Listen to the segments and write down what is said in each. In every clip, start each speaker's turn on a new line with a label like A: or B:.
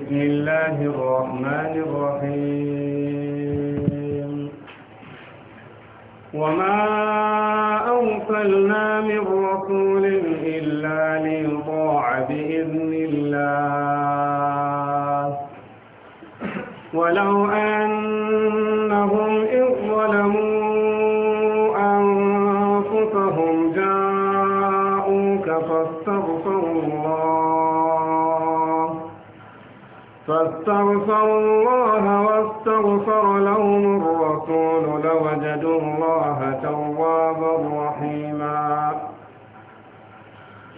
A: بسم الله الرحمن الرحيم وما أرسلنا من واستغفروا الله واستغفر لهم الرسول لوجدوا الله توابا رحيما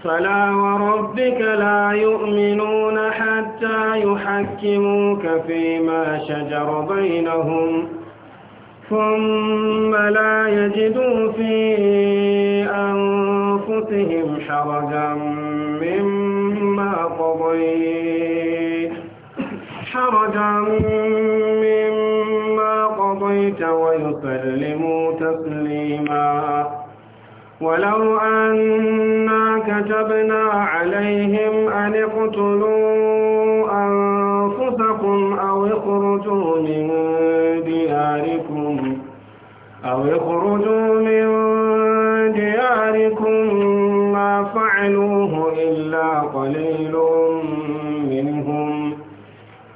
A: فلا وربك لا يؤمنون حتى يحكموك فيما شجر بينهم ثم لا يجدوا في أنفسهم حرجا مما قضيت ويسلموا تسليما ولو أنا كتبنا عليهم أن اقتلوا أنفسكم أو اخرجوا من دياركم أو اخرجوا من دياركم ما فعلوه إلا قليلا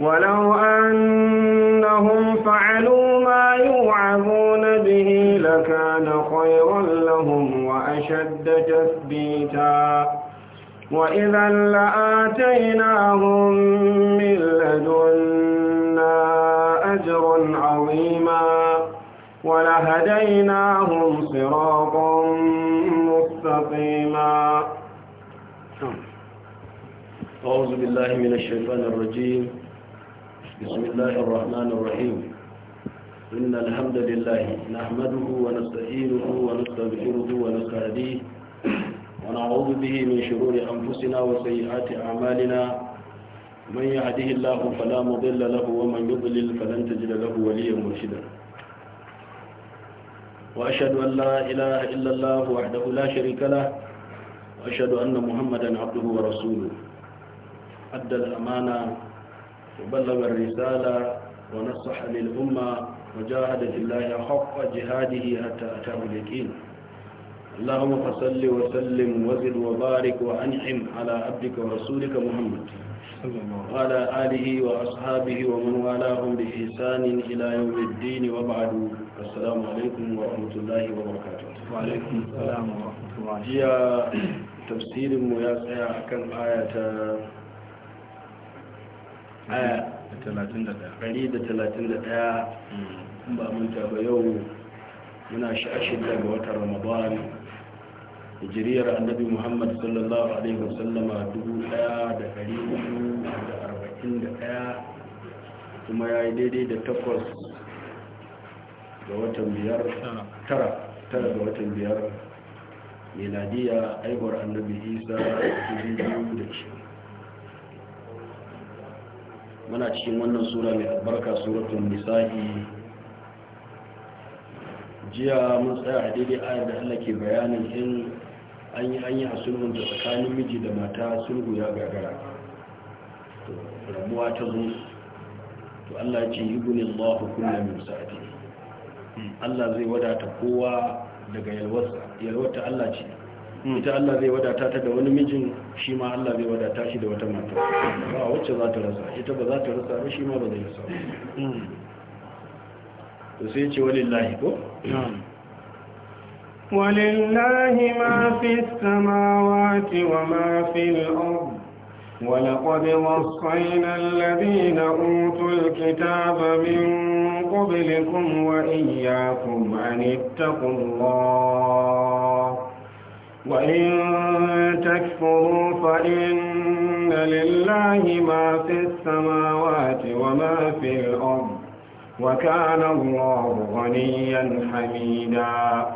A: ولو أنهم فعلوا ما يوعظون به لكان خيرا لهم وأشد تثبيتا وإذا لآتيناهم من لدنا أجرا عظيما ولهديناهم صراطا مستقيما
B: أعوذ بالله من الشيطان الرجيم بسم الله الرحمن الرحيم إن الحمد لله نحمده ونستعينه ونستغفره ونستهديه ونعوذ به من شرور أنفسنا وسيئات أعمالنا من يهده الله فلا مضل له ومن يضلل فلن تجد له وليا مرشدا وأشهد أن لا إله إلا الله وحده لا شريك له وأشهد أن محمدا عبده ورسوله أدى الأمانة وبلغ الرسالة ونصح للأمة وجاهد الله حق جهاده حتى أتاه اليقين اللهم فصل وسلم وزد وبارك وأنعم على عبدك ورسولك محمد وعلى آله وأصحابه ومن والاهم بإحسان إلى يوم الدين وبعد السلام عليكم ورحمة الله وبركاته وعليكم السلام ورحمة الله جيا تفسير مياسع كان آية aya 131 ba manta ba yau muna sha'ashin daga wata ramadan hijiriyar annabi muhammad sallallahu alaihi wasallama 1341 kuma ya yi daidai da takwas ga watan biyar tara tara ga watan biyar meladiya aibar annabi isa 2020 muna cikin wannan sura mai albarka suratun nisa'i jiya mun tsaya a daidai ayar da Allah ke bayanin in an yi hanyar sulhun da tsakanin miji da mata sulhu ya gagara rabuwa ta zo to Allah ya ce yubni Allahu kullu min sa'adi Allah zai wadata kowa daga yalwarsa yalwata Allah ce Hmm. ita Allah zai wadata ta da wani mijin shi ma Allah zai wadata shi da wata mata ba wacce za ta rasa ita ba za ta rasa ba shi ma ba zai rasa hmm. to sai ce lahi ko
A: walillahi ma fi samawati wa ma fi al-ard ولقد وصينا الذين أوتوا الكتاب من قبلكم وإياكم أن اتقوا الله وإن تكفروا فإن لله ما في السماوات وما في الأرض وكان الله غنيا حميدا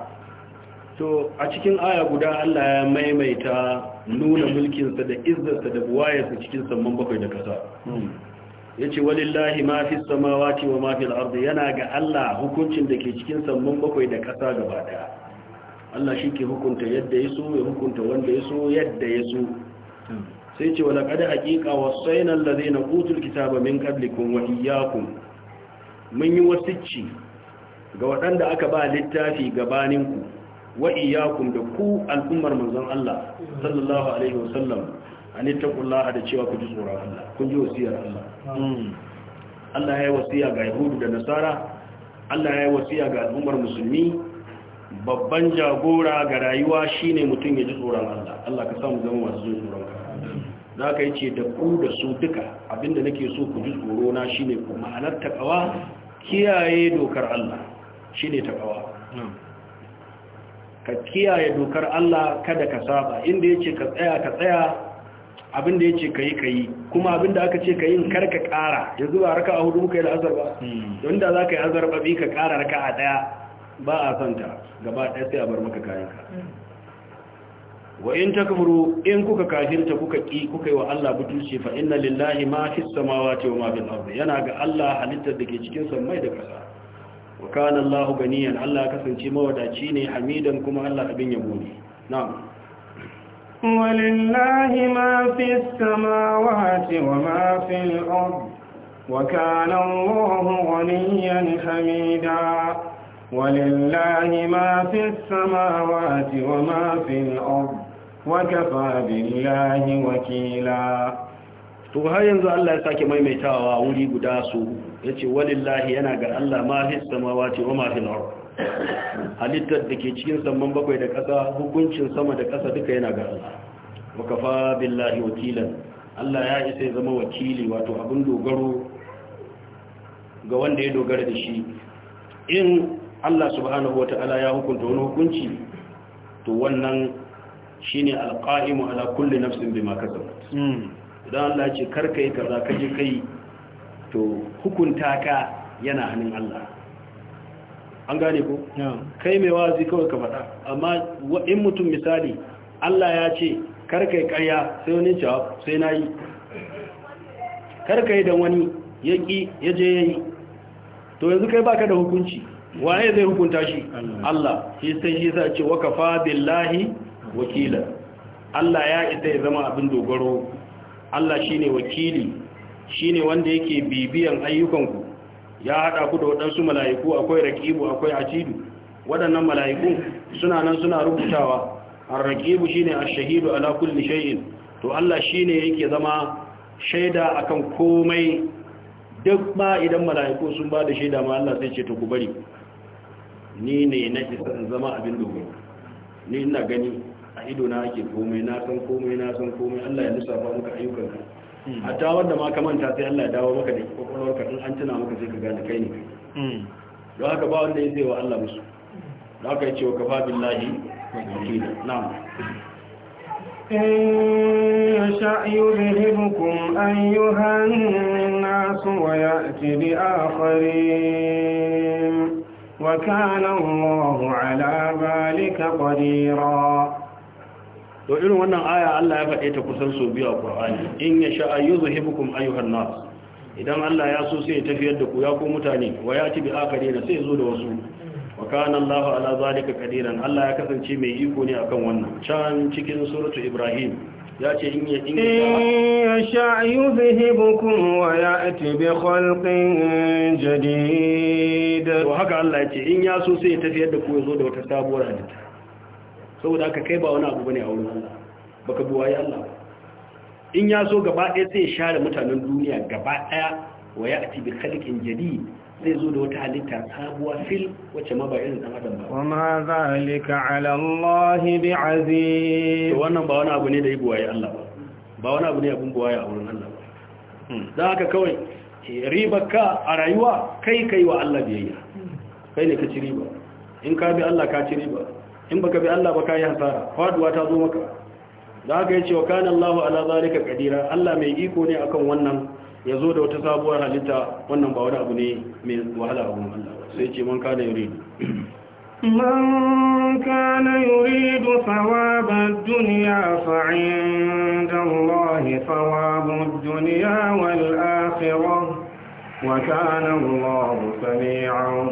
B: to a cikin aya guda Allah ya maimaita nuna mulkinsa da izzarsa da buwayarsa cikin samman bakwai da kasa hmm. ya ce walillahi ma fi samawaci wa ma fi yana ga Allah hukuncin da ke cikin samman bakwai da kasa gaba daya Allah shi ke hukunta yadda ya so ya hukunta wanda ya so yadda ya so sai ce wala kada haƙiƙa zai na utul kitaba min qablikum wa iyyakum mun yi wasicci ga waɗanda aka ba littafi gabaninku wa iyyakum da ku al'ummar manzon Allah sallallahu alaihi wa sallam. an yi taƙullaha da cewa ku ji tsoron Allah kun ji wasiyar Allah hmm. Allah ya yi wasiya ga Yahudu da Nasara Allah ya yi wasiya ga al'ummar musulmi babban jagora ga rayuwa shine mutum ya ji tsoron Allah Allah ka samu zama masu jin tsoron ka za ka yi ce da ku da su duka abinda nake so ku ji tsoro na shine ku ma'anar takawa kiyaye dokar Allah shine takawa ka kiyaye dokar Allah kada ka saba inda yace ka tsaya ka tsaya abinda yace kai kai kuma abinda aka ce kai kar ka kara yanzu ba raka'a hudu muka yi da azar ba hmm. don da za ka yi azar ba bi ka kara raka'a daya ba a santa gaba ɗaya sai a bar maka kayanka wa in takfuru in kuka kafirta kuka ki kuka yi wa Allah butulci fa inna lillahi ma fi ce wa ma fil yana ga Allah halittar da ke cikin sammai da ƙasa wa kana Allahu ganiyan Allah kasance mawadaci ne hamidan kuma Allah abin yabo ne na'am
A: ولله ما في السماوات وما في الأرض وكان الله غنيا حميدا ولله ما في السماوات وما في الأرض وكفى بالله
B: وكيلا to har yanzu Allah ya sake maimaitawa wuri guda su yace walillahi yana ga Allah ma fi samawati wa ma fi al-ard halittar da ke cikin saman bakwai da ƙasa hukuncin sama da ƙasa duka yana ga Allah wa kafa billahi wakilan Allah ya isa ya zama wakili wato abin dogaro ga wanda ya dogara da shi in Allah subhanahu ta'ala ya hukunta wani hukunci to wannan shine alqa'imu ala kulli nafsin bima kasabat hmm. idan Allah ya ce karka yi kaza ka ji kai to hukunta ka yana hannun Allah an gane ko kai mai wazi kawai ka faɗa amma in mutum misali Allah ya ce karka yi ƙarya sai wani jawab ah, sai na yi karka yi da wani ya ƙi ya je ya yi to yanzu kai baka da hukunci waye zai hukunta shi Allah shi sai shi sa ce wakafa billahi wakila Allah ya isa ya zama abin dogaro Allah shine wakili shine wanda yake bibiyan ayyukanku ya hada ku da wadansu mala'iku akwai raqibu akwai atidu waɗannan mala'iku suna nan suna rubutawa ar-raqibu shine ash-shahidu ala kulli shay'in to Allah shine yake zama shaida akan komai duk ma idan mala'iku sun ba da shaida ma Allah sai ce to ku bari ni ne na isa in zama abin domin ni ina gani a ido na ake komai na san komai na san komai Allah ya lissafa maka ayyukan ka hmm. a ta wadda ma ka manta sai Allah ya dawo maka da kwakwalwar ka in an tuna maka sai ka gane kai ne hmm. don haka ba wanda ya zai wa Allah musu don haka ya ce wa kafa billahi wakila na'am
A: إن يشأ يذهبكم أيها الناس ويأتي بآخرين وكان الله على ذلك قديرا to irin wannan aya Allah ya faɗe ta kusan
B: sau biyu a Qur'ani in ya sha ayyuzhibukum ayyuhan nas idan Allah ya so sai ya tafiyar da ku ya ko mutane wa ya ci bi akarina sai ya zo da wasu wa kana Allah ala zalika qadiran Allah ya kasance mai iko ne akan wannan can cikin suratu Ibrahim ya ce in
A: ya sha yuzhibukum wa ya'ti bi khalqin jadid to haka Allah ya ce in ya so sai ya tafiyar da ku zo da wata sabuwar
B: halitta saboda haka kai ba wani abu bane a wurin Allah baka buwaye Allah in ya so gaba ɗaya sai ya share mutanen duniya gaba ɗaya wa ya bi khalqin jadid zai zo da wata halitta sabuwa fil
A: wacce ma ba irin dan adam ba kuma zalika ala Allah bi aziz wannan ba wani abu ne da yabo yayi Allah ba
B: ba wani abu ne abun buwaye a wurin Allah ba hmm. dan haka kawai eh, ribarka a rayuwa kai kai wa Allah biyayya kai ne ka ci riba in ka bi Allah ka ci riba in baka bi Allah ba ka yi hasara faduwa ta zo maka da haka yace wa kana Allahu ala zalika qadira Allah mai iko ne akan wannan ya zo da wata sabuwar halitta wannan ba wani abu ne mai wahala a wurin Allah sai ce man kana yuridu
A: man kana yuridu thawabad dunya fa inda Allah thawabud dunya wal akhirah wa kana Allah sami'an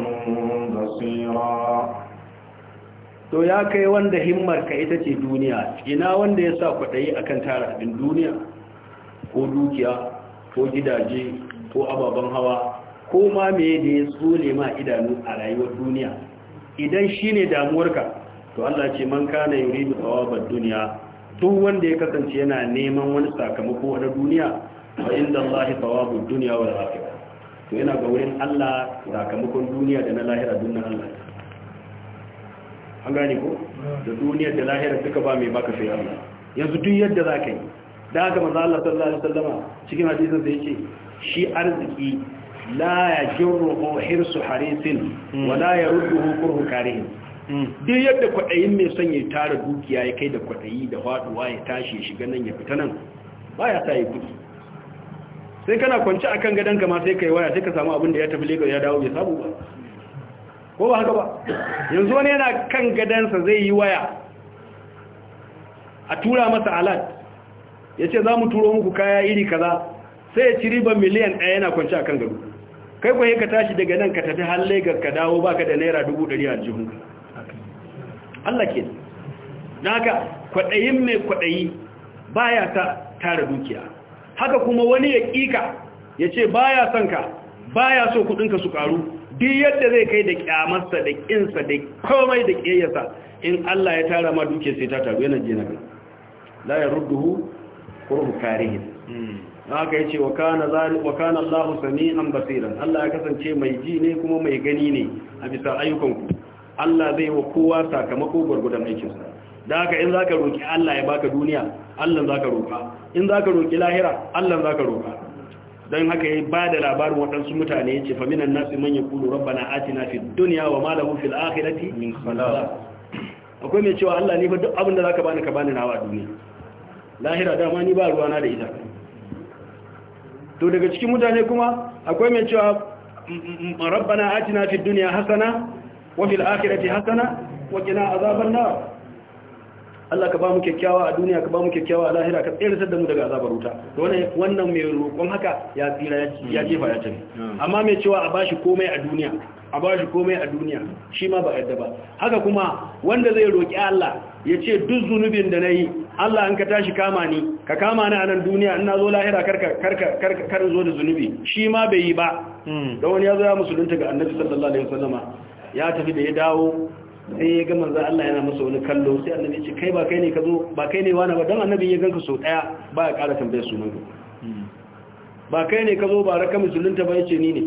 A: basira
B: to ya kai wanda himmar ka ita ce duniya ina wanda ya sa kwaɗayi akan tara abin duniya ko dukiya ko gidaje ko ababen hawa ko ma me da ya tsole ma idanu a rayuwar duniya idan shine damuwarka to Allah ce man kana yuridu thawabad dunya duk wanda ya kasance yana neman wani sakamako na duniya fa inda Allah thawabud dunya wal akhirah to yana ga wurin Allah sakamakon duniya da na lahira nan Allah an gane ko da duniya da lahira duka ba mai baka sai Allah yanzu duk yadda za ka yi da haka maza Allah sallallahu alaihi wasallama cikin hadisun sa yake shi arziki la yajruhu su harisin wa la yarudduhu kurhu karihin mm. duk yadda kwaɗayin mai son ya tara dukiya ya kai da kwaɗayi da faɗuwa ya tashi ya shiga nan ya fita nan ba ya sa ya kudi sai kana kwanci akan gadon kama sai kai waya sai ka samu abin da ya tafi legal ya dawo bai samu ba ko ba haka ba yanzu wani yana kan gadansa zai yi waya a tura masa alat ya ce za mu turo muku kaya iri kaza sai ya ci riba miliyan ɗaya yana kwanci a kan gado kai kwaye ka tashi daga nan ka tafi har lagos ka dawo baka da naira dubu ɗari a jihun allah ke na haka kwaɗayin mai kwaɗayi ba ya ta tara dukiya haka kuma wani ya ƙiƙa ya ce ba ya son ka ba ya so kuɗinka su ƙaru duk yadda zai kai da ƙyamarsa da ƙinsa da komai da kiyayyarsa in Allah ya tara ma dukiya sai ta taru yana je na kai la yarudduhu kurhu karihin hmm. haka ya ce wa kana allahu an basiran allah ya kasance mai ji ne kuma mai gani ne a bisa ayyukanku allah zai wa kowa sakamako gwargwadon aikinsa da haka in za ka roƙi allah ya baka duniya allah za ka roƙa. in za ka roƙi lahira allah za ka roƙa. don haka ya ba da labarin waɗansu mutane ya ce faminan nasu man ya kulu rabbana atina fi duniya wa ma lahu fil akhirati min khalaq akwai mai cewa Allah ne fa duk abin da zaka bani ka bani nawa a duniya lahira dama ni ba ruwana da ita to daga cikin mutane kuma akwai mai cewa rabbana atina fid dunya hasana wa fil akhirati hasana wa qina azaban nar Allah ka ba mu kyakkyawa a duniya ka ba mu kyakkyawa a lahira ka tsere da mu daga azabar wuta wannan wannan mai roƙon haka ya tsira ya jefa ya tafi amma mai cewa a bashi komai a duniya a ba shi komai a duniya shi ma ba yadda ba haka kuma wanda zai roƙi Allah ya ce duk zunubin da na yi Allah an ka tashi kama ni ka kama ni a nan duniya ina zo lahira kar zo da zunubi shi ma bai yi ba hmm. da wani ya zo ya musulunta ga annabi sallallahu alaihi wasallam ya tafi da ya dawo sai ya ga manzo Allah yana masa wani kallo sai annabi ya ce kai ba kai ne ka zo ba kai ne wani ba dan annabi ya ganka so daya ba ya ƙara tambayar sunan ka hmm. ba kai ne ka zo ba raka musulunta ba ya ce ni ne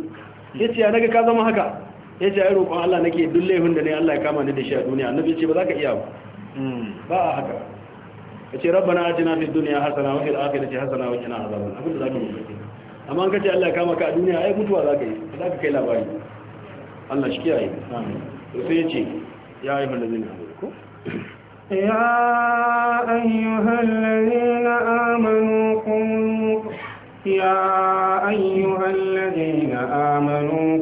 B: yace ya naga ka zama haka ya ce ya roƙon Allah nake duk laifin da ne Allah ya kama ni da shi a duniya annabi ce ba za ka iya ba hmm. ba a haka ka ce rabba rabbana atina fi duniya hasana wa fil ce hasana wa qina azabu abin da ka yi amma ka ce Allah ya kama ka a duniya ai mutuwa za ka yi za ka kai labari Allah shi kiyaye amin sai ya ce ya yi ladina zina
A: ko ya ayyuhal ladina amanu qum ya ayyuhal ladina amanu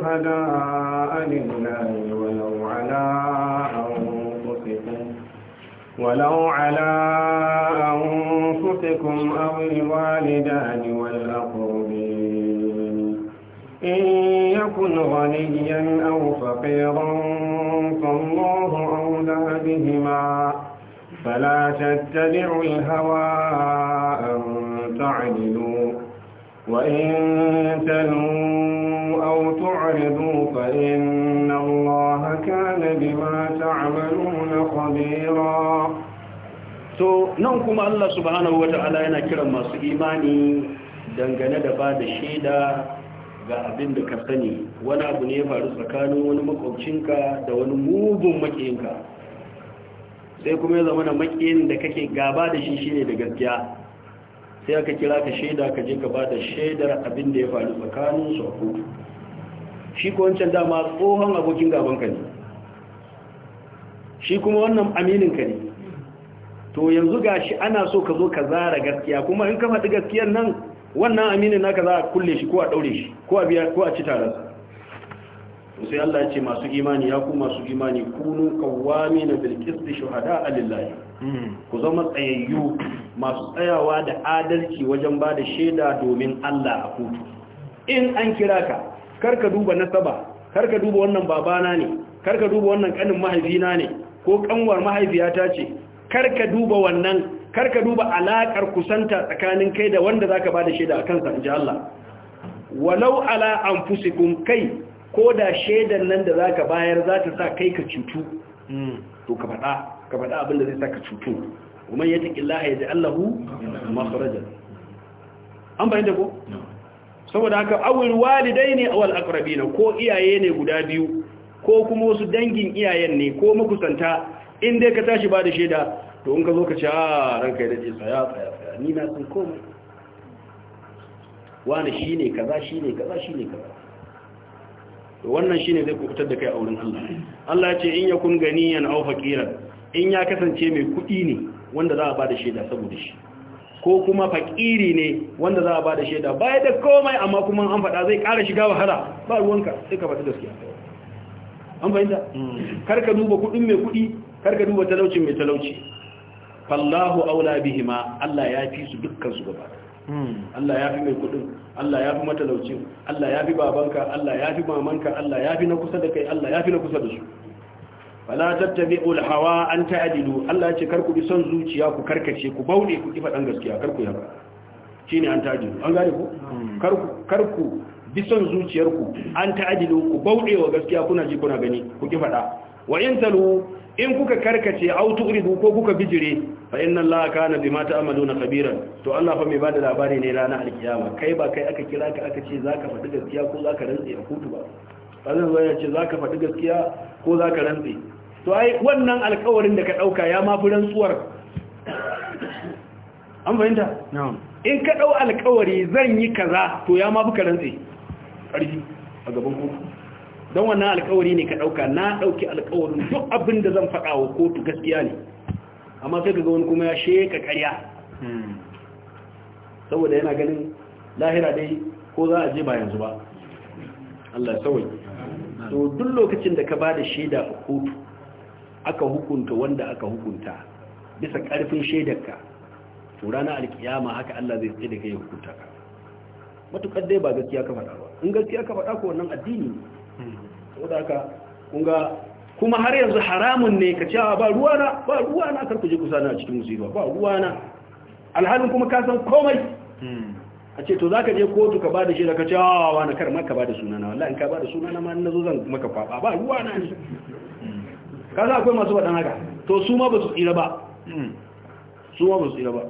A: شهداء لله ولو على أنفسكم ولو على أنفسكم أو الوالدان والأقربين إن يكن غنيا أو فقيرا فالله أولى بهما فلا تتبعوا الهوى أن تعدلوا وإن تلوموا تعرضوا فإن الله كان بما تعملون خبيرا
B: to nan kuma Allah subhanahu wata'ala yana kiran masu imani dangane da ba da shaida ga abin da ka sani wani abu ne ya faru tsakanin wani makwabcinka da wani mugun makiyinka sai kuma ya zama da makiyin da kake gaba da shi shine da gaskiya sai aka kira ka shaida ka je ka ba da shaidar abin da ya faru tsakanin su a kotu shi ko wancan dama tsohon abokin gabanka ne shi kuma wannan amininka ne to yanzu gashi ana so ka zo ka zara gaskiya kuma in ka faɗi gaskiyar nan wannan aminin naka za a kulle shi ko a ɗaure shi ko a biya ko a ci sai Allah ya ce masu imani ya ku masu imani kunu kawami na bilkisti shuhada a lillahi ku zama tsayayyu masu tsayawa da adalci wajen ba da shaida domin Allah a kotu in an kira ka karka duba nasaba karka duba wannan babana ne karka duba wannan kanin mahaifina ne ko kanwar mahaifiyata ce karka duba wannan karka duba alakar kusanta tsakanin kai da wanda zaka bada shaida a sa inji Allah walau ala anfusikum kai ko da shaidan nan da zaka bayar za ta sa kai ka cutu hmm, to ka faɗa ka faɗa abin da zai sa ka cutu kuma yataqillaha yaj'al lahu makhrajan an bayyana ko saboda haka awil walidai ne awal akrabina ko iyaye ne guda biyu ko kuma wasu dangin iyayen ne ko makusanta in dai ka tashi ba da shaida to in ka zo ka ce a ah, ranka da ce tsaya tsaya ni na sun komai wani shi ne kaza shi ne kaza shi ne kaza to wannan shi ne zai kukutar da kai a wurin Allah Allah ce in ya kun ganiyan au faqiran in ya kasance mai kuɗi ne wanda za a ba da shaida saboda shi ko kuma fakiri ne wanda za a ba da shaida ba da komai amma kuma an faɗa zai ƙara shiga wahala ba ruwanka sai ka faɗi gaskiya an fahimta hmm. karka duba kuɗin mai kuɗi karka duba talaucin mai talauci fallahu aula bihima Allah ya fi su dukkan su gaba hmm. Allah ya fi mai kuɗin Allah ya fi matalaucin Allah ya fi babanka Allah ya fi mamanka Allah ya fi na kusa da kai Allah ya fi na kusa da su fala tattabi'ul hawa an ta'dilu Allah ce karku bi son zuciya ku karkace ku baude ku kifa dan gaskiya karku yaba shine an ta'dilu an gane ku karku karku bi son zuciyarku an ta'dilu ku baude wa gaskiya kuna ji kuna gani ku kifa da wa in talu in kuka karkace au tu'ridu ko kuka bijire fa inna Allah kana bima ta'maluna khabiran to Allah fa mai bada labari ne ranar alkiyama kai ba kai aka kira ka aka ce zaka faɗi gaskiya ko zaka rantsi a kotu ba Allah ya ce zaka faɗi gaskiya ko zaka rantsi to ai wannan alkawarin da ka dauka ya ma furan tsuwar an fahimta in ka dau alkawari zan yi kaza to ya ma fuka rantsi ƙarfi a gaban kotu don wannan alkawari ne ka dauka na dauki alkawarin duk abin da zan faɗa wa kotu gaskiya ne amma sai ka ga wani kuma ya sheka ƙarya hmm. saboda yana ganin lahira dai ko za a je ba yanzu ba Allah ya sauyi to duk lokacin da ka ba da shaida a kotu aka hukunta wanda aka hukunta bisa ƙarfin shaidarka to ranar alkiyama haka Allah zai tsaye da kai hukunta ka matukar dai ba gaskiya ka faɗa ba in gaskiya ka faɗa ko wannan addini ne saboda haka kun ga kuma har yanzu haramun ne ka cewa ba ruwana ba na kar ku je kusa na cikin musiba ba ruwa na, alhalin kuma ka san komai a ce to zaka je kotu ka bada shi da ka cewa na kar ma ka bada sunana wallahi in ka bada sunana ma na zo zan maka faɓa ba ruwana ne kaza akwai masu faɗan haka to su ma ba su tsira ba su ma ba su tsira ba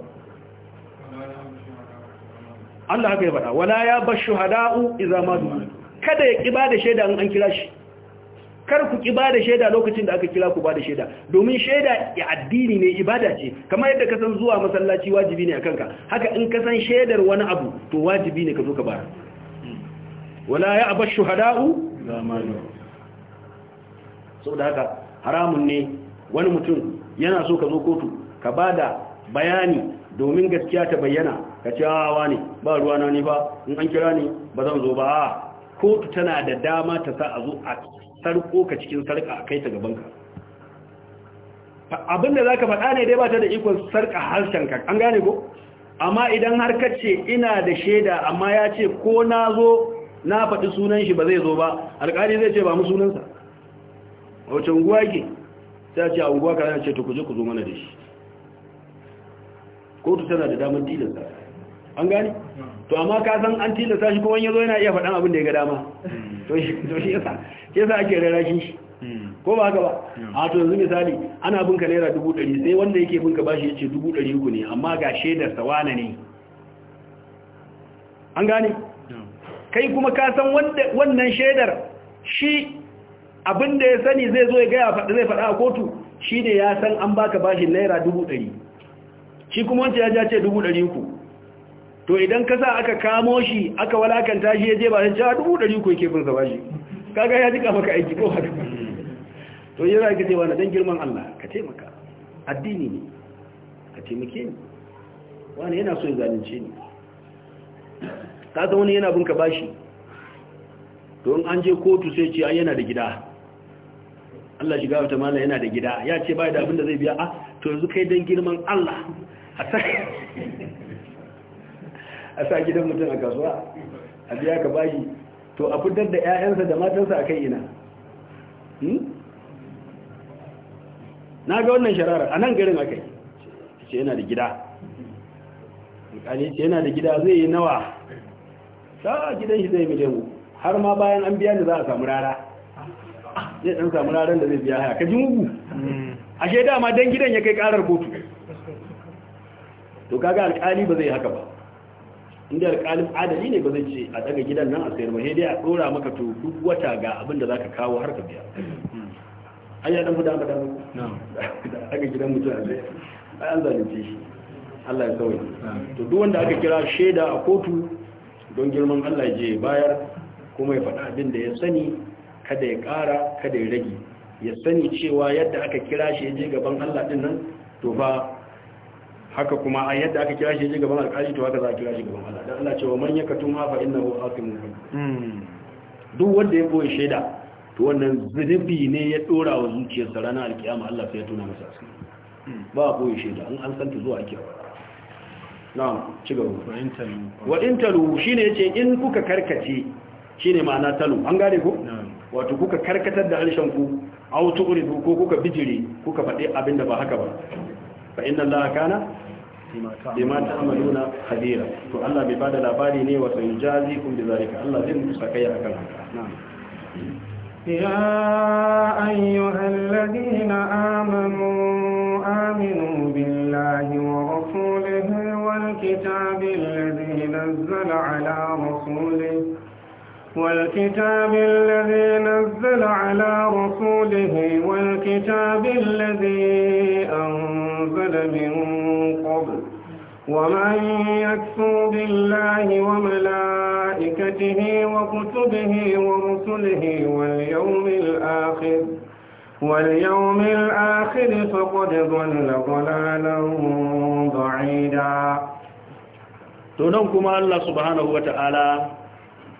B: Allah haka ya faɗa wala ya bashu hada'u idza ma du'a kada ya kiba da shaida an kira shi kar ku kiba da shaida lokacin da aka kira ku ba da shaida domin shaida ya addini ne ibada ce kamar yadda ka san zuwa masallaci wajibi ne akan ka haka in ka san shaidar wani abu to wajibi ne ka zo ka bara wala ya abashu hada'u idza ma du'a saboda haka haramun ne wani mutum yana so ka zo kotu ka ba da bayani domin gaskiya ta bayyana ka ce awa ah, ne ba ruwa na ne ba in an kira ne ba zan zo ba ah, kotu tana da dama ta sa a zo a sarko ka cikin sarka a kai ta gabanka abin da za ka faɗa ne dai ba ta da ikon sarka harshenka an gane ko amma idan har ka ce ina da shaida amma ya ce ko na zo na faɗi sunan shi ba zai zo ba alƙali zai ce ba mu sunansa a wacce unguwa yake ta ce a unguwa ka ce to kuje ku zo mana da shi kotu tana da damar tilasta an gani to amma ka san an tilasta shi kowanne yazo yana iya faɗan abin da ya ga dama to shi yasa yasa ake rarrakin shi ko ba haka ba a to yanzu misali ana binka naira dubu ɗari sai wanda yake binka bashi ya ce dubu ɗari uku ne amma ga shaidar sawana ne an gane kai kuma ka san wannan shaidar shi abin da ya sani zai zo ya gaya faɗi zai faɗa a kotu shi ne ya san an baka bashin naira dubu ɗari shi kuma wancan ya ja ce dubu ɗari ku to idan ka sa aka kamo shi aka walakanta shi ya je bashin cewa ah, dubu ɗari ku yake bin sa bashi kaga ya jika maka aiki ko haka to yi za ka ce wani don girman Allah ka taimaka addini ne ka taimake ni wani yana so ya zalunce ni ka wani yana bin ka bashi don an je kotu sai ce an yana da gida Allah shiga wata mala yana da gida ya ce bai da abin da zai biya a ah, to yanzu kai dan girman Allah a sa gidan mutum a kasuwa a biya ka bashi to a fitar da 'ya'yansa da matansa a kai ina hmm? na ga wannan shararar a nan garin akai ce yana da gida alƙali ce yana da gida zai yi nawa sa gidan shi zai miliyan har ma bayan an biya da za a samu rara zai dan samu ranar da zai biya haya ka ji mugu ashe dama don gidan ya kai karar kotu to kaga alƙali ba zai haka ba inda alƙalin adali ne ba zai ce a daga gidan nan a sayar ba sai a dora maka to duk wata ga abin da zaka kawo har ka biya an ya dan fi dama dama daga gidan mutum a zai an zalunce shi Allah ya kawai to duk wanda aka kira shaida a kotu don girman Allah ya je bayar kuma ya faɗa abin da ya sani kada ya ƙara kada ya rage ya sani cewa yadda aka kira shi ya je gaban Allah din nan to ba haka kuma a yadda aka kira shi ya je gaban alƙali to haka za a kira shi gaban Allah dan Allah cewa man hafa ma fa innahu
C: asimun
B: duk wanda ya boye shaida to wannan zunubi ne ya dora wa tsara ranar alkiyama Allah sai ya tuna masa asiri ba a boye shaida an an santa zuwa ake ba na'am ci gaba wa in talu shine yace in kuka karkace shine ma'ana talu an gane ko na'am wato kuka karkatar da harshen ku aw tu'ridu ko kuka bijire kuka faɗi abinda ba haka ba fa inna allaha kana bima ta'maluna khabira to Allah bai bada labari ne wa sayjazikum zalika Allah zai muku sakaya akan haka na'am
A: ya ayyuhalladhina amanu aminu billahi wa rasulihi wal kitabil ladzi nazzala ala rasulihi والكتاب الذي نزل على رسوله والكتاب الذي أنزل من قبل ومن يكفر بالله وملائكته وكتبه ورسله واليوم الآخر واليوم الآخر فقد ضل ضلالا بعيدا تنكم الله سبحانه وتعالى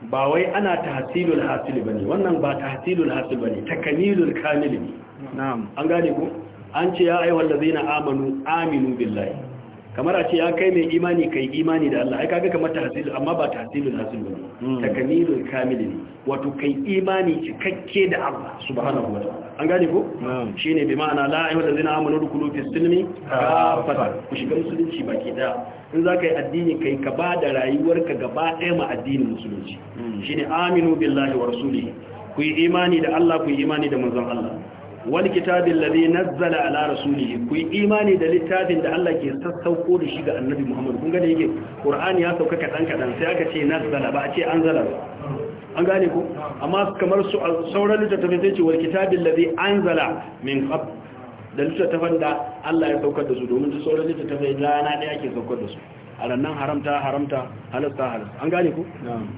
B: ba wai ana tahsilul hasil bane wannan ba tahsilul hasil bane takamilul kamil ne na'am an gane ko an ce ya ayyuhal ladzina amanu aminu billahi kamar a ce ya kai mai imani kai imani da Allah ai kaga kamar tahsil amma ba tahsilul hasil bane hmm. takamilul kamil ne wato kai imani cikakke da Allah subhanahu wataala an gane ko shine bi ma'ana la ayyuhal ladzina amanu dukulu fis silmi kafatan ku shiga musulunci baki da in za ka yi addini kai ka ba da rayuwarka gaba ɗaya ma addinin musulunci shi ne aminu billahi wa rasulihi ku yi imani da Allah ku yi imani da manzon Allah wal kitabin ladhi nazzala ala rasulihi ku yi imani da littafin da Allah ke sassauko da shi ga annabi Muhammad kun ga da yake Qur'ani ya sauka kadan kadan sai aka ce nazzala ba a ce anzala ba an gane ku? amma kamar su sauran littattafai sai ce wal kitabin ladhi anzala min qabl da littattafan da Allah ya saukar da su domin su sauran littattafai rana ɗaya ake saukar da su a rannan haramta haramta halasta halasta an gane ku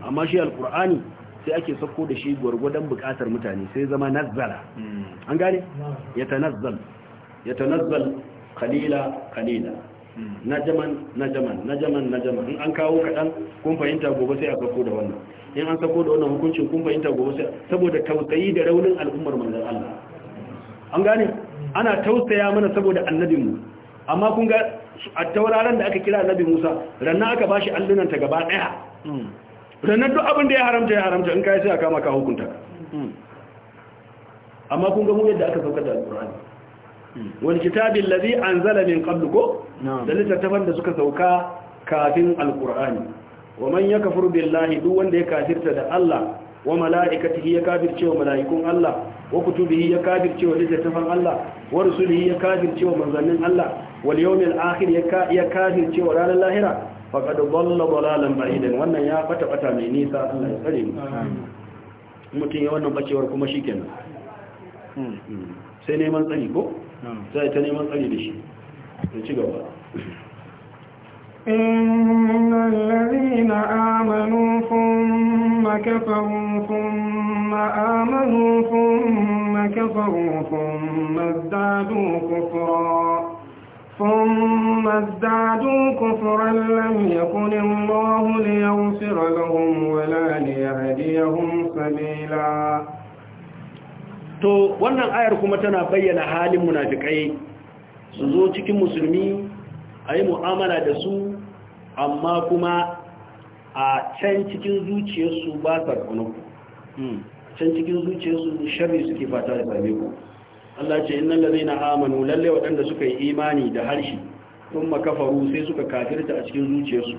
B: amma shi alkur'ani sai ake sauko da shi gwargwadon bukatar mutane sai zama nazzala hmm. an gane ya nazzal ya nazzal kalila kalila hmm. najaman najaman najaman najaman in an kawo kaɗan kun fahimta gobe sai a sauko da wannan in an sauko da wannan hukuncin kun fahimta gobe sai saboda tausayi da raunin al'ummar manzan Allah an gane ana tausaya mana saboda annabinmu amma kun ga a tauraron da aka kira annabi Musa ranna aka bashi allunan ta gaba daya hmm. ranna duk abin da ya haramta ya haramta in kai sai aka maka hukunta hmm. amma kun ga mu yadda aka saukar da alqur'ani hmm. wal kitabi allazi anzala min qablu ko da littattafan da suka sauka kafin alqur'ani wa man yakfur billahi duk wanda ya kafirta da Allah wa mala'ikatihi ya kafirce wa mala'ikun Allah wa kutubihi ya kafirce wa littattafan Allah wa rusulihi ya kafirce wa manzannin Allah wal yawmil akhir ya kafirce wa ranar lahira faqad dhalla dhalalan ba'idan wannan ya fata bata mai nisa Allah ya tsare mu mutum ya wannan bacewar kuma shikenan hmm. Hmm. sai neman tsari ko sai ta neman tsari da shi ya ci gaba
A: إن الذين آمنوا ثم كفروا ثم آمنوا ثم كفروا ثم ازدادوا كفرا ثم ازدادوا كفرا لم يكن الله ليغفر لهم ولا ليهديهم سبيلا
B: to wannan ayar kuma tana bayyana halin munafikai su zo cikin musulmi a yi mu'amala da su amma kuma a can cikin zuciyarsu ba ta ku hmm. can cikin zuciyarsu sharri suke fata da same ku Allah ce innal na amanu lalle waɗanda suka yi imani da harshe ma kafaru sai suka kafirta a cikin zuciyarsu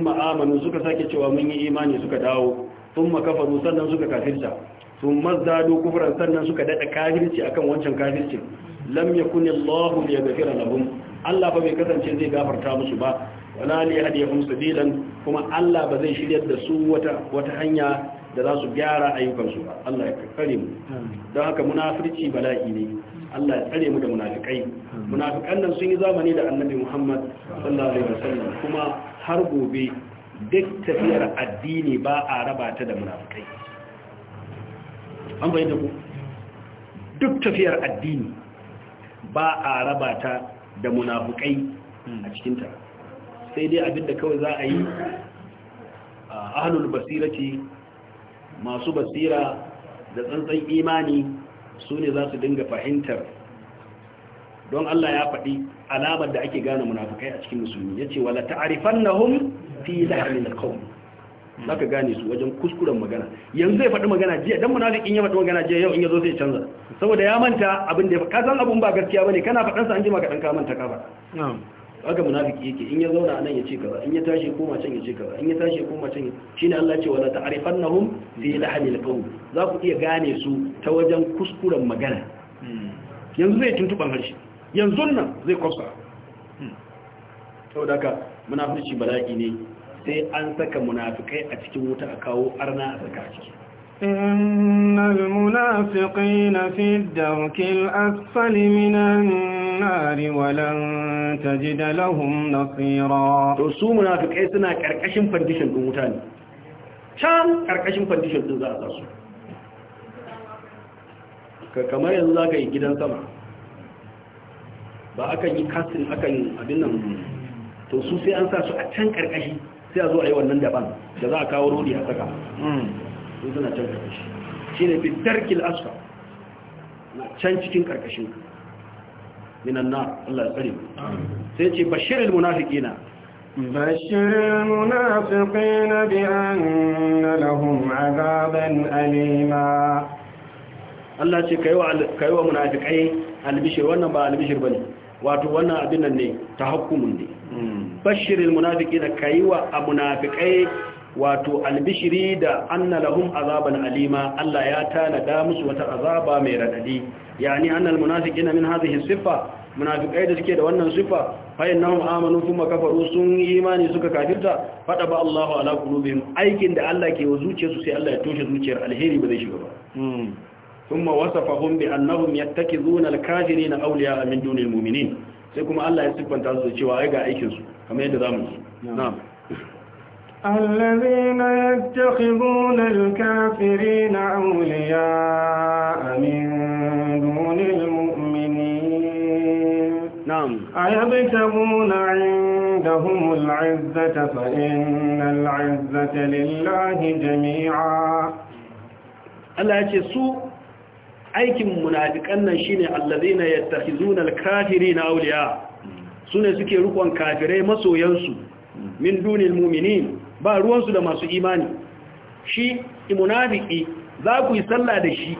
B: ma amanu suka sake cewa mun yi imani suka dawo ma kafaru sannan suka kafirta sun zado kufran sannan suka dada kafirci akan wancan kafircin lam yakun Allah liyaghfira lahum Allah fa bai kasance zai gafarta musu ba wala ne a li yahdihum sabilan kuma Allah ba zai shirya da su wata hanya da za su gyara ayyukansu su ba Allah ya kare mu don haka munafirci bala'i ne Allah ya tsare mu da munafikai munafikan nan sun yi zamani da Annabi Muhammad sallallahu alaihi wasallam kuma har gobe duk tafiyar addini ba a raba ta da munafikai an bayyana ku duk tafiyar addini ba a raba ta da munafikai a cikinta sai dai abinda kawai za a yi ahlul basirati masu basira da tsantsan imani su ne za su dinga fahimtar don Allah ya faɗi alamar da ake gane munafukai a cikin musulmi ya ta'arifan wala hun fi lahril Za ka gane su wajen kuskuren magana yanzu zai faɗi magana jiya dan munafikin ya faɗi magana jiya yau in yazo sai canza saboda ya manta abin da ya ka san abun ba gaskiya ne kana faɗansa an jima ka ɗan ka manta ka faɗa haka munafiki yake in ya zauna nan ya ce kaza in ya tashi koma can ya ce kaza in ya tashi koma can shine Allah ce wala ta'rifannahum fi lahnil qawl za ku iya gane su ta wajen kuskuren magana yanzu zai tuntuban harshe yanzu nan zai kosa saboda daga munafiki bala'i ne sai an saka munafikai a cikin
A: wuta a kawo arna a saka a ciki إن المنافقين في الدرك الأسفل من النار ولن تجد لهم نصيرا رسو منافق إيسنا كاركاشن فانديشن كمتاني
B: شام كاركاشن فانديشن تزار تسو كما ينزاك إجدان سمع بأكا akan أكا يبنى رسو abin nan كاركشي su عيوان من sa su a can karkashi sun suna can karkashi shi ne fitarkil asfa na can cikin karkashin minan na Allah ya tsari sai
A: ce bashirin munafikina بشر المنافقين بأن لهم عذابا أليما allah ce ka
B: yi wa munafikai albishir wannan ba albishir ne wato wannan abin nan ne tahakkumun ne hmm. bashiril ka yi wa munafikai wato albishiri da anna lahum azaban alima Allah ya tanada musu wata azaba mai radadi yani annal munafiqina min hadhihi siffa munafiqai da suke da wannan siffa fa innahum amanu kuma kafaru sun yi imani suka kafirta fada ba Allahu ala qulubihim aikin da Allah ke wa zuciyarsu sai Allah ya toshe zuciyar alheri ba zai shiga ba hmm. thumma wasafahum bi annahum yattakizuna al-kafirina awliya min dunil mu'minin sai kuma Allah ya siffanta su cewa ai ga aikin su kamar yadda zamu ji na'am
A: الذين يتخذون الكافرين أولياء من دون المؤمنين نعم أيبتغون عندهم العزة فإن العزة لله جميعا الله يتسوء aikin
B: munafikan nan shine allazina yattakhizuna al-kafirina awliya sune suke rukun kafirai masoyansu min dunil mu'minin ba ruwansu da masu imani shi imunafiki za ku yi sallah da shi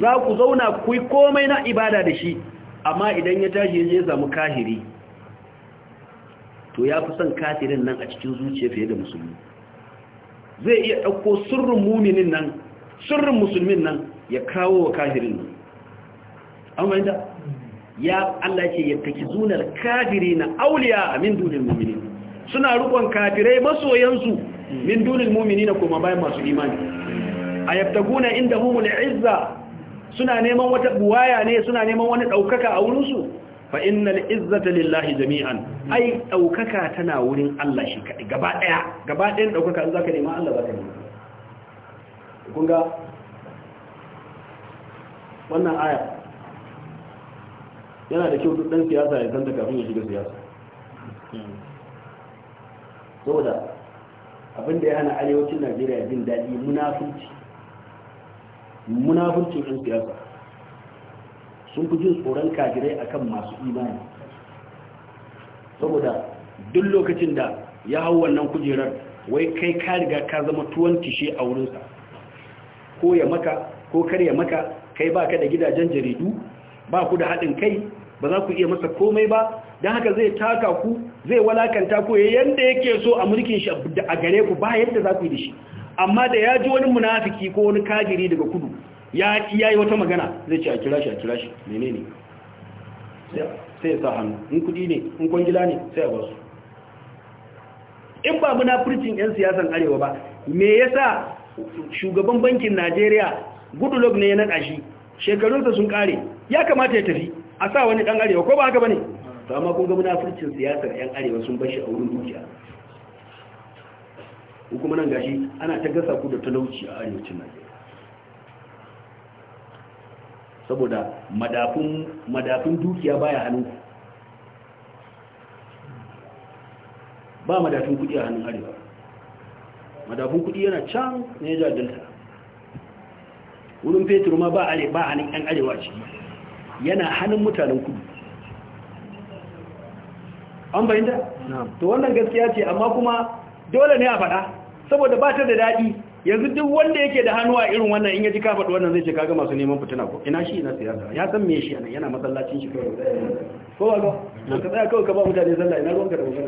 B: za ku zauna ku yi komai na ibada da shi amma idan ya tashi ya samu kahiri to ya fi son kafirin nan a cikin zuciya fiye da musulmi zai iya ɗauko sirrin muminin nan sirrin musulmin nan ya kawo wa kafirin nan amma inda ya Allah ce ya taki zunar kafiri na auliya a min dunin muminin suna rukon kafirai masoyansu min dunin dunil mu'minina kuma bayan masu imani inda indahumul izza suna neman wata buwaya ne suna neman wani ɗaukaka a wurinsu. su fa innal izzata lillahi jami'an ai ɗaukaka tana wurin Allah shi kai gaba ɗaya. gaba ɗaya dayan daukaka in zaka nema Allah zaka nema kun ga wannan aya yana da kyau duk siyasa ya santa kafin ya shiga siyasa saboda abin da ya hana arewacin najeriya jin daɗi munafunci munafunci yan siyasa sun fi jin tsoron kajirai akan masu imani saboda duk lokacin da ya hau wannan kujerar wai kai ka riga ka zama tuwon kishe a wurinsa ko ya maka ko kar ya maka kai ba ka da gidajen jaridu ba ku da haɗin kai ba za ku iya masa komai ba don haka zai taka ku zai walakanta ku yadda yake so a mulkin shi a gare ku ba yadda za ku yi da shi amma da ya ji wani munafiki ko wani kajiri daga kudu ya yi wata magana zai ce a kira shi a kira shi ne?" sai sa hannu in kudi ne in kwangila ne sai ya ba su in ba munafircin 'yan siyasan arewa ba me ya sa shugaban bankin najeriya goodluck ne ya naɗa shi shekarunsa sun ƙare ya kamata ya tafi a sa wani ɗan arewa ko ba haka ba ne to amma kun ga munafircin siyasar yan arewa sun bar shi a wurin dukiya kuma nan gashi ana ta gasa ku da talauci a arewacin Najeriya saboda madafin madafin dukiya baya hannun ku ba madafin kudi a hannun arewa madafin kudi yana can ne ja delta wurin fetur ma ba hannun yan arewa ce yana hannun mutanen kudu an bayyana to wannan gaskiya ce amma kuma dole ne a faɗa saboda ba ta da daɗi yanzu duk wanda yake da hannu a irin wannan in ya ji ka faɗi wannan zai ce kaga masu neman fitina ko ina shi ina siyasa ya san me shi anan yana masallacin shi kawai ko ba ka tsaya kawai ka ba mutane sallah ina ruwanka da mutane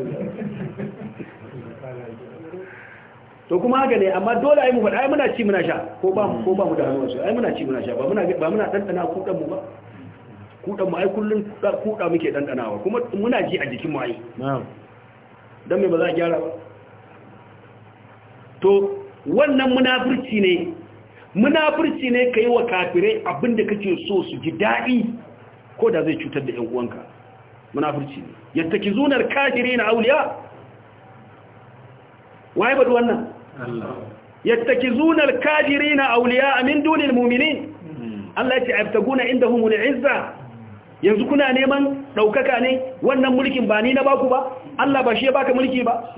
B: to kuma haka ne amma dole ai mu faɗa ai muna ci muna sha ko ba ko ba mu da hannu ai muna ci muna sha ba muna ba muna dandana ku dan mu ba kuɗa mu ai kullun kuɗa muke dandanawa kuma muna ji a jikin mu ai dan me ba za a gyara ba to wannan munafurci ne munafurci ne kai wa kafire abinda kake so su ji dadi ko da zai cutar da yan uwanka munafurci ne yattakizunar kafirina Auliya. waye bada wannan Allah yattakizunar kafirina Auliya min dunil mu'minin hmm. Allah ya ce inda indahumul izza yanzu kuna neman ɗaukaka ne wannan mulkin ba ni na baku ba Allah ba shi ya baka mulki ba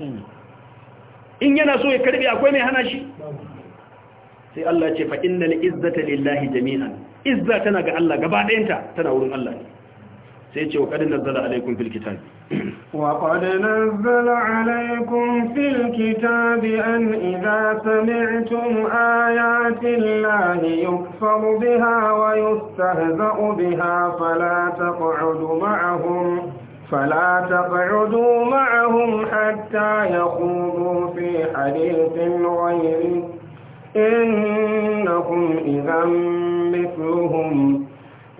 B: in yana so ya karbe akwai mai hana shi sai Allah ce fa innal izzata lillahi jami'an izza tana ga Allah gaba ɗayanta tana wurin Allah ne sai ce wa qad nazzala alaykum fil kitab
A: وقد نزل عليكم في الكتاب أن إذا سمعتم آيات الله يكفر بها ويستهزأ بها فلا تقعدوا معهم فلا تقعدوا معهم حتى يخوضوا في حديث غيره إنكم إذا مثلهم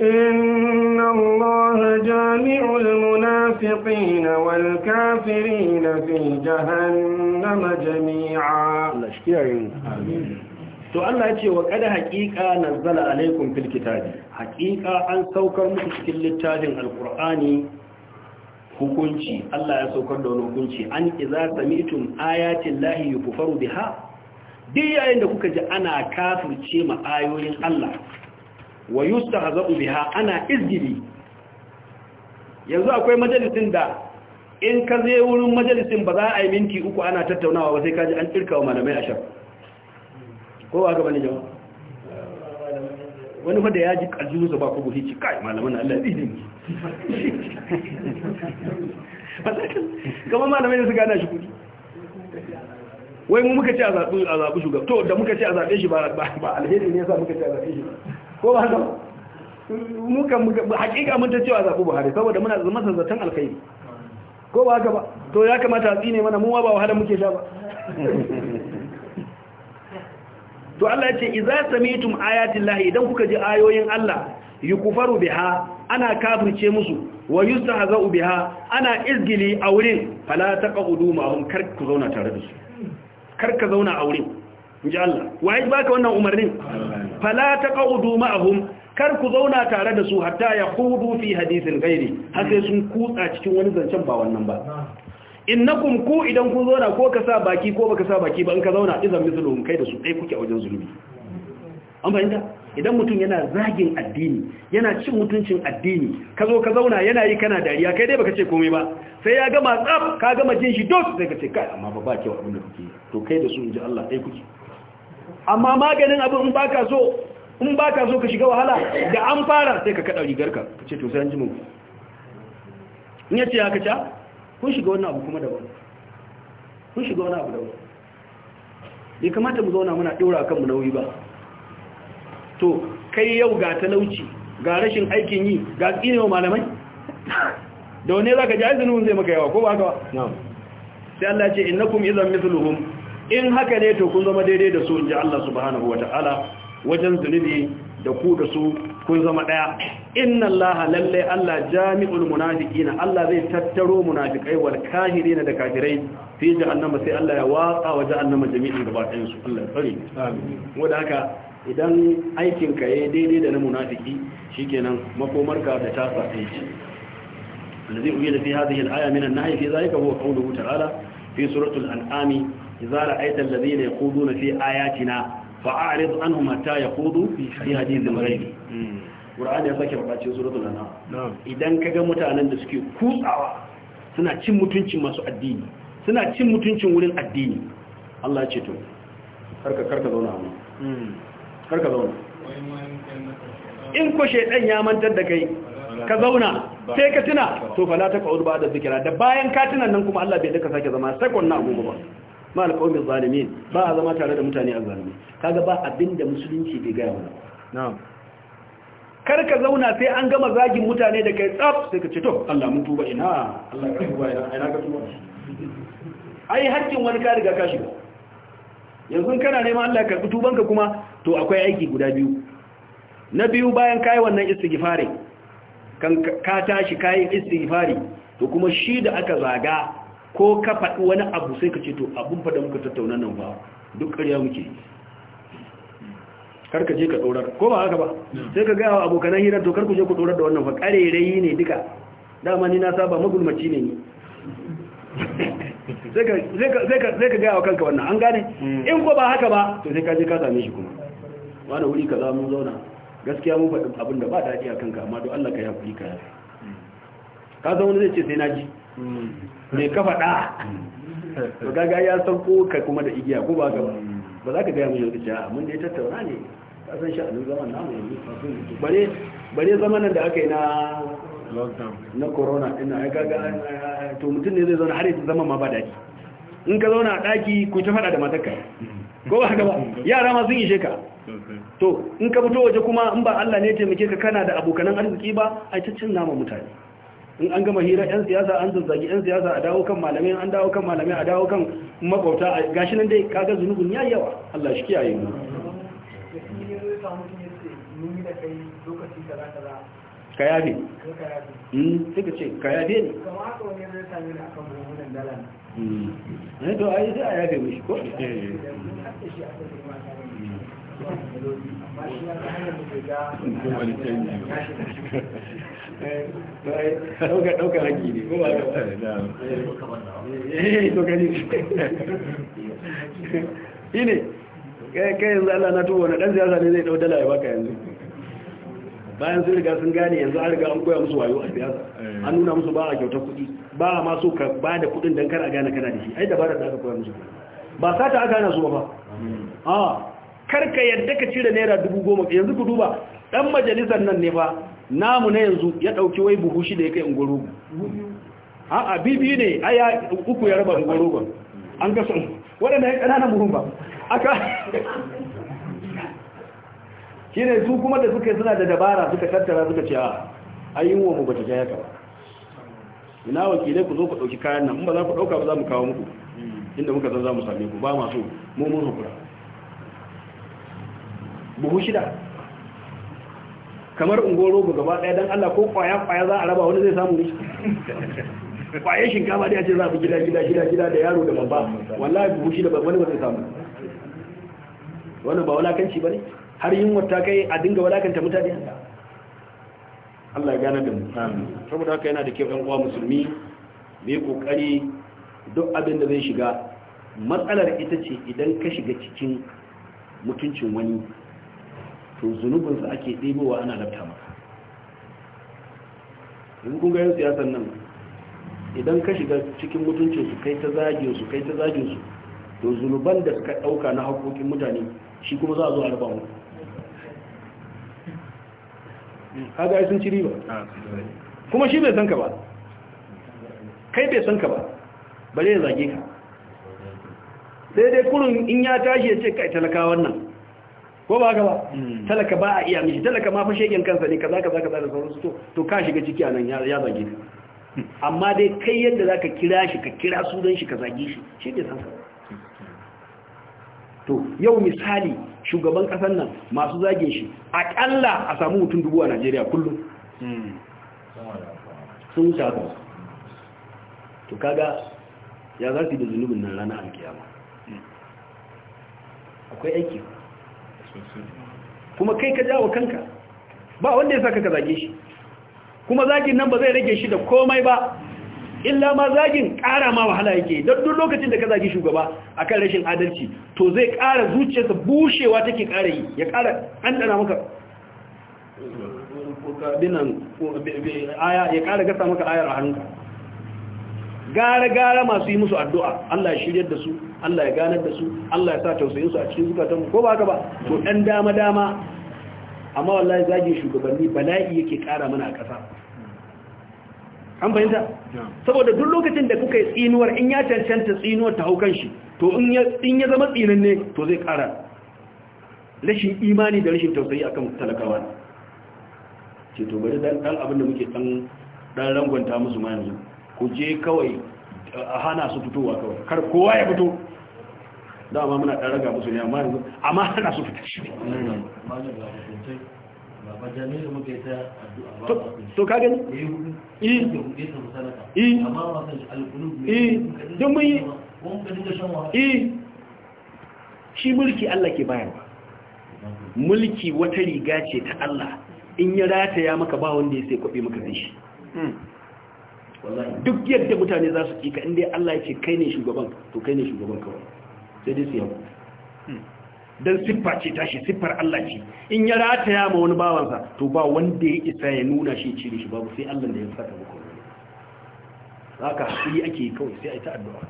A: إن الله جامع المنافقين والكافرين في جهنم جميعا
B: to Allah ce wa kada haƙiƙa nazzala alaikum fil kitabi haƙiƙa an saukar muku cikin littafin alqur'ani hukunci Allah ya saukar da wani hukunci an idza sami'tum ayati lahi yukfaru biha duk yayin da kuka ji ana kafirce ma ayoyin Allah wa yustahzabu biha ana izgidi yanzu akwai majalisin da in ka zai wurin majalisin ba za a yi minti uku ana tattaunawa ba sai kaji an tsirkawa malamai a shan ko ba gaba ne jama wani fada ya ji ƙarjinsu ba kubu hici kai malaman Allah ɗi ne malamai da su gana shi kudi wai mu muka ce a zaɓi shugaba to da muka ce a zaɓe shi ba alheri ne ya sa muka ce a zaɓe shi ba ko ba haka mu kan hakika mun ta cewa zaɓi buhari saboda muna masa zaton alkhairi ko ba haka ba to ya kamata a tsine mana mu ba wahala muke sha ba to Allah ya ce idza sami'tum ayati llahi idan kuka ji ayoyin Allah yukfaru biha ana kafirce musu wa yustahza'u biha ana izgili a wurin fala taqudu ma'hum kar ku zauna tare da su kar ka zauna a wurin inji Allah waye baka wannan umarnin fala taqudu ma'ahum kar ku zauna tare da su hatta yaqudu fi hadithin ghairi har sai sun kutsa cikin wani zancen ba wannan ba innakum ku idan kun zauna ko ka sa baki ko baka sa baki ba in ka zauna idan mislum kai da su dai kuke a wajen zulmi an fahimta idan mutum yana zagin addini yana cin mutuncin addini ka zo ka zauna yana yi kana dariya kai dai baka ce komai ba sai ya gama tsaf ka gama jin shi dos sai ka ce kai amma ba ba wa abin da kuke to kai da su inji Allah dai kuke amma maganin abin in baka so in baka so ka shiga wahala da an fara sai ka kada rigarka ka ce to sai an ji mu in yace haka ta kun shiga wannan abu kuma daban kun shiga wannan abu daban bai kamata mu zauna muna dora kanmu nauyi ba to kai yau ga talauci ga rashin aikin yi ga tsinewa malamai da wane za ka ji aizinin zai maka yawa ko ba ka ba sai Allah ce innakum idan mithluhum in haka ne to kun zama daidai da su in ji Allah subhanahu wa ta'ala wajen zunubi da ku da su kun zama ɗaya. inna allaha lallai allah jami'ul munafiqina allah zai tattaro munafikai wal kahirina da kafirai fi jahannama sai allah ya waka, wa jahannama jami'in gaba ɗayan su allah ya tsare amin wanda haka idan aikin ka yayi daidai da na munafiki shikenan makomar ka da ta yi ce الذي أجد في هذه الآية من النهي في ذلك هو قوله تعالى في سورة الأنعام idza ra'aita alladhina yaquduna fi ayatina fa'arid anhum hatta yaqudu fi hadithin ghayri Qur'ani ya sake faɗa cikin suratul Anam idan kaga mutanen da suke kutsawa suna cin mutuncin masu addini suna cin mutuncin wurin addini Allah ce to karka karka zauna mu in ko shedan ya manta da kai ka zauna sai ka tuna to fala ta qa'ud ba da zikira da bayan ka tuna nan kuma Allah bai daka sake zama sai na gobe ba ma alƙawar zalimi ba a zama tare da mutane a zalimi kaga ba abin da musulunci bai gaya wani na'am kar ka zauna sai an gama zagin mutane da kai tsaf sai ka ce to Allah mun tuba ina Allah ka tuba ina ina ka tuba ai hakkin wani ka riga ka shiga yanzu kana neman Allah ka tuban ka kuma to akwai aiki guda biyu na biyu bayan kai wannan istighfari kan ka tashi kai istighfari to kuma shi da aka zaga ko ka faɗi wani abu sai ka ce to abun faɗa muka tattauna nan ba duk ƙarya muke karka je ka tsorar ko ba haka ba sai ka gaya wa abokanan hira to karku je ku tsorar da wannan fa ƙarerayi ne duka dama ni na saba magulmaci ne ni sai ka gaya wa kanka wannan an gane hmm. in ko ba haka ba to sai ka je ka same shi kuma wani wuri kaza mun zauna gaskiya mun faɗi abin da ba daɗi a kanka amma don Allah ka yafi ka yafi hmm. ka zama wani zai ce sai na ji me ka faɗa to gaga ya san ko ka kuma da igiya ko ba ka ba za ka gaya mun yanzu ja mun ya tattauna ne ka san sha'anin zaman namu yanzu bare bare zamanin da aka yi na na corona din ai kaga to mutum ne zai zauna har yanzu zaman ma ba daki in ka zauna a daki ku ta faɗa da matarka ko ba ba yara ma sun ishe ka to in ka fito waje kuma in ba Allah ne ya taimake ka kana da abokanan arziki ba ai ta cin nama mutane in an gama hira yan siyasa an zazzagi yan siyasa a dawo kan malamai an dawo kan malamai a dawo kan a gashi nan dai kaga zunubin ya yawa Allah shi kiyaye mu ka yafe hmm, sai ka ce ka yafe ne hmm. eh, to a yi sai a yafe mashi ko? Eh. ɗaukar ne ko kai yanzu Allah na tuba wani ɗan siyasa ne zai ɗau dala ya baka yanzu bayan sun riga sun gane yanzu an riga an koya musu wayo a siyasa an nuna musu ba a kyautar kuɗi ba a maso ka ba da kuɗin don kar a gane kana da shi ai dabarar da aka koya musu ba sata aka hana su ba karka yadda ka cire naira dubu goma yanzu ku duba ɗan majalisar nan ne ba, namu na yanzu ya ɗauki wai buhu shi da ya kai ungorogo a bibi ne aya uku ya raba ungorogon an ga sun waɗanda ya ƙananan buhun ba aka shi ne su kuma da suka suna da dabara suka tattara suka ce a ayyuwa mu bata jaya ka ba ina wakilai ku zo ku ɗauki kayan nan ba za ku ɗauka ba za mu kawo muku inda muka zan za mu same ku ba masu mummun hukura buhu shida kamar ungoro ga gaba daya don Allah ko kwaya-kwaya za a raba wani zai samu ne kwaye shinkafa dai a ce za a gida gida gida gida da yaro da babba wallahi buhu shida ba wani ba zai samu wannan ba walakanci ba ne har yin wata kai a dinga walakanta mutane Allah ya gane da mu saboda haka yana da kyau ɗan uwa musulmi mai ƙoƙari kokari duk abin da zai shiga matsalar ita ce idan ka shiga cikin mutuncin wani to zunubinsa ake ɗebowa ana lafta maka yanzu kun gayan siyasan nan idan ka shiga cikin mutuncinsu kai ta zaginsu kai ta zaginsu to zunuban da suka ɗauka na haƙoƙin mutane shi kuma za a zo a raba mu haɗa sun ciri riba kuma shi bai san ka ba kai bai san ka ba bare ya zage ka sai dai kurin in ya tashi ya ce kai talakawan nan ko ba gaba hmm. talaka ba a iya mishi talaka ma fa shegen kansa ne kaza kaza kaza da sauransu to to ka shiga ciki anan ya ya zage ka hmm. amma dai kai yadda zaka kira shi ka kira sunan shi ka zage shi shi ne san to yau misali shugaban kasar nan masu zage shi kalla a samu mutum dubu a Najeriya kullum hmm. sun shafa to kaga ya za su yi da zunubin nan rana alkiyama akwai aiki kuma kai ka jawo kanka ba wanda ya saka ka zage shi kuma zagin nan ba zai rage shi da komai ba illa ma zagin ƙara ma wahala yake don duk lokacin da ka zagi shugaba akan rashin adalci to zai ƙara zuciyarsa bushewa take ƙara yi ya ƙara an maka binan aya ya ƙara gasa maka ayar a hannunka gara-gara masu yi musu addu'a Allah ya shiryar da su Allah ya ganar da su Allah ya sa tausayin su a cikin zukatan ko ba ka ba to dan dama dama amma wallahi zage shugabanni bala'i yake kara mana a ƙasa an fahimta saboda duk lokacin da kuka yi tsinuwar in ya cancanta tsinuwar ta haukan shi to in ya zama tsinan ne to zai kara rashin imani da rashin tausayi akan talakawa ce to bari dan dan abin da muke dan dan rangwanta musu ma yanzu ku je kawai a hana su fitowa kawai kar kowa ya fito dama muna ɗara raga musu ne amma yanzu amma ana su fita shi to ka gani? yi yi don mun yi yi shi mulki Allah ke bayarwa mulki wata riga ce ta Allah in ya rataya maka ba wanda ya sai kwaɓe maka zai shi duk yadda mutane za su ka inda Allah ya ce kai ne shugaban to kai ne shugaban kawai sai dai su yabo don siffa ce tashi siffar Allah ce in ya rataya ma wani bawansa to ba wanda ya isa ya nuna shi cire shi babu sai Allah da ya saka muku haka shi ake kawai sai a yi ta addu'a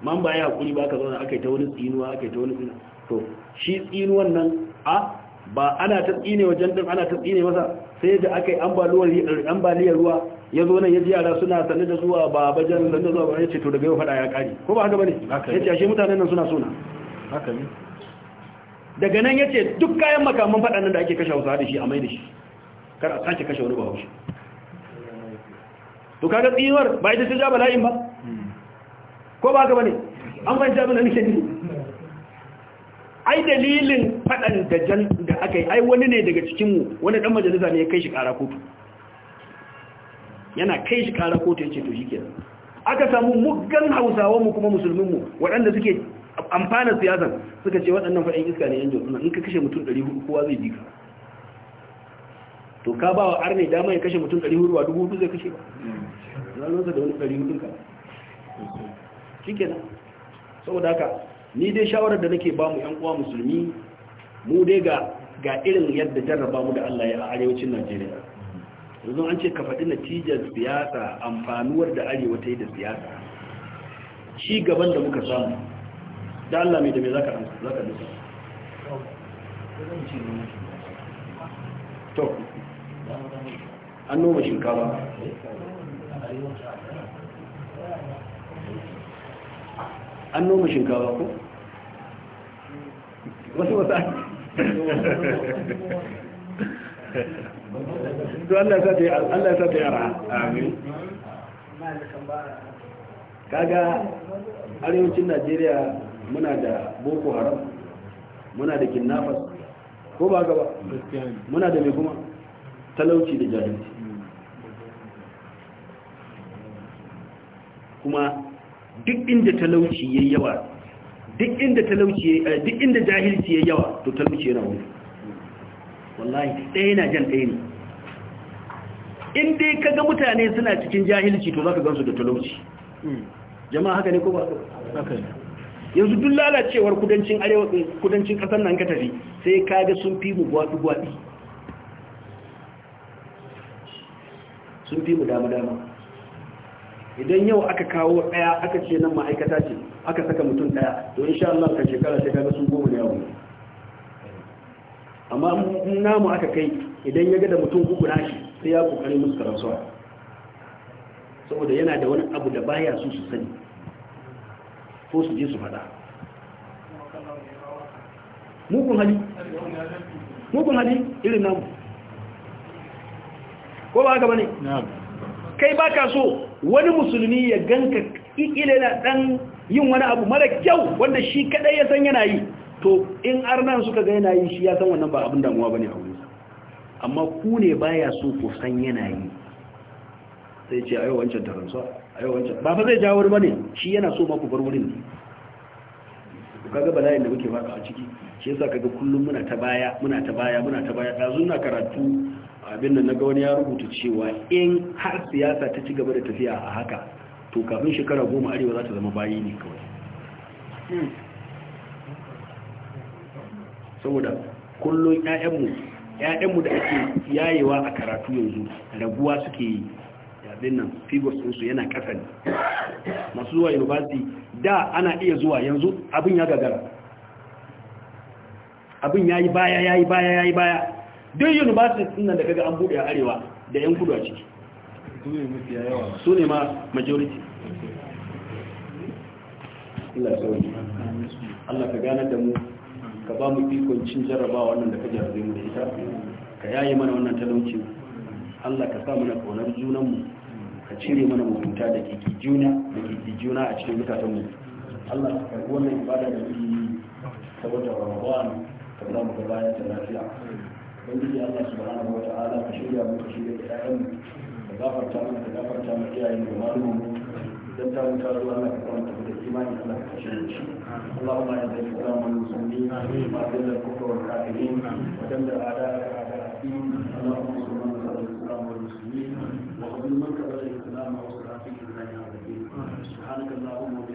B: man ba ya hakuri ba ka zauna aka yi ta wani tsinuwa aka yi ta wani to shi tsinuwan nan a ba ana ta tsine wajen din ana ta tsine masa sai da aka yi ambaliyar ruwa ya zo nan ya ji yara suna sanar da zuwa ba bajan da zuwa ba ya ce to daga yau fada ya kare ko ba haka bane ya ce ashe mutanen nan suna sona haka ne daga nan ya ce duk kayan makaman faɗan nan da ake kashe hausa da shi a mai da shi kar a sake kashe wani bahaushe to kaga tsiwar ba ita ta ja bala'in ba ko ba haka bane an fahimta abin da nake ni ai dalilin faɗan da aka yi ai wani ne daga cikinmu wani ɗan majalisa ne ya kai shi ƙara kotu yana kai shi kara kotu ya ce to shi kenan aka samu muggan hausawa mu kuma musulmin mu waɗanda suke amfana siyasan suka ce waɗannan faɗin iska ne yan jordan in ka kashe mutum 400 kowa zai bi ka to ka ba wa arne dama ya kashe mutum 400 wa 400 zai kashe ba zalunsa da wani 400 ka shi kenan saboda haka ni dai shawarar da nake ba mu yan uwa musulmi mu dai ga ga irin yadda jarraba mu da Allah ya a arewacin Najeriya yanzu an ce ka faɗi natijar siyasa amfanuwar da arewa ta yi da siyasa ci gaban da muka samu da Allah mai da mai zaka zaka nufa to
C: an noma shinkafa
B: an noma shinkafa ko wasu wasu to
C: Allah ya sa Allah ya sa ta yara amin
B: kaga arewacin Najeriya muna da Boko Haram muna da kidnappers ko ba gaba muna da mai kuma talauci da jahilci kuma duk inda talauci yayi yawa duk inda talauci eh, duk inda jahilci yayi yawa to talauci yana wuri wallahi ɗaya na jan ɗaya ne in dai ga mutane suna cikin jahilci to za ka gansu da talauci hmm. jama'a haka ne ko ba haka ne yanzu duk lalacewar kudancin arewa kudancin kasar nan ka tafi sai ga sun fi mu gwaɗi-gwaɗi sun fi mu dama dama idan yau aka kawo ɗaya aka ce nan ma'aikata ce aka saka mutum ɗaya to sha Allah ka shekara sai ga sun goma da yawa amma namu aka kai idan ya ga da mutum uku shi sai ya kokarin musu suwa saboda yana da wani abu da baya su su sani ko su je su faɗa mukun hali mukun hali irin namu ko ba haka bane kai baka so wani musulmi ya ganka ikile na dan yin wani abu mara kyau wanda shi kadai ya san yana yi to in arnan suka ga yana yi shi ya san wannan ba abin damuwa bane a wurin amma ku ne baya so ku san yana yi sai ce ayo wancan taransa ayo wancan ba fa zai jawo wani bane shi yana so ma ku bar wurin ne kaga bala'in da muke fada a ciki shi yasa kaga kullum muna ta baya muna ta baya muna ta baya Ɗazu na karatu abin nan naga wani ya rubuta cewa in har siyasa ta ci gaba da tafiya a haka to kafin shekara goma arewa za ta zama bayi ne kawai hmm. saboda kullum ƴaƴanmu ƴaƴanmu da ake yayewa a karatu yanzu raguwa suke yi abin nan figures su yana ƙasa ne masu zuwa university da ana iya zuwa yanzu abin ya gagara abin ya yi baya ya yi baya ya yi baya duk university ɗin nan da kaga an buɗe a arewa da 'yan kudu a ciki su ne ma majority Allah ka gane da mu ka ba mu ikon cin jarrabawa wannan da ka jarabe mu da ita ka yayi mana wannan talauci Allah ka sa mana kaunar junan mu ka cire mana mutunta da ke juna da ke juna a cikin mutanen mu Allah ka karbi wannan ibada da muke yi saboda Ramadan ka za mu ga bayan ta lafiya ubangiji Allah subhanahu wa ta'ala ka shirya mu ka shirya da ƴaƴan mu ka gafarta mana ka gafarta mana iyayen da malamin mu don ta wuta su Allah ka kwanta da imani Allah ka kashe shi Allahumma ya zai fara mana musulmi ma dalla kufra wal kafirin wa dalla ada ada Allahumma sallallahu alaihi wa sallam wal muslimin wa qul man kabara al-islam wa salatu ala nabiyyina subhanaka allahumma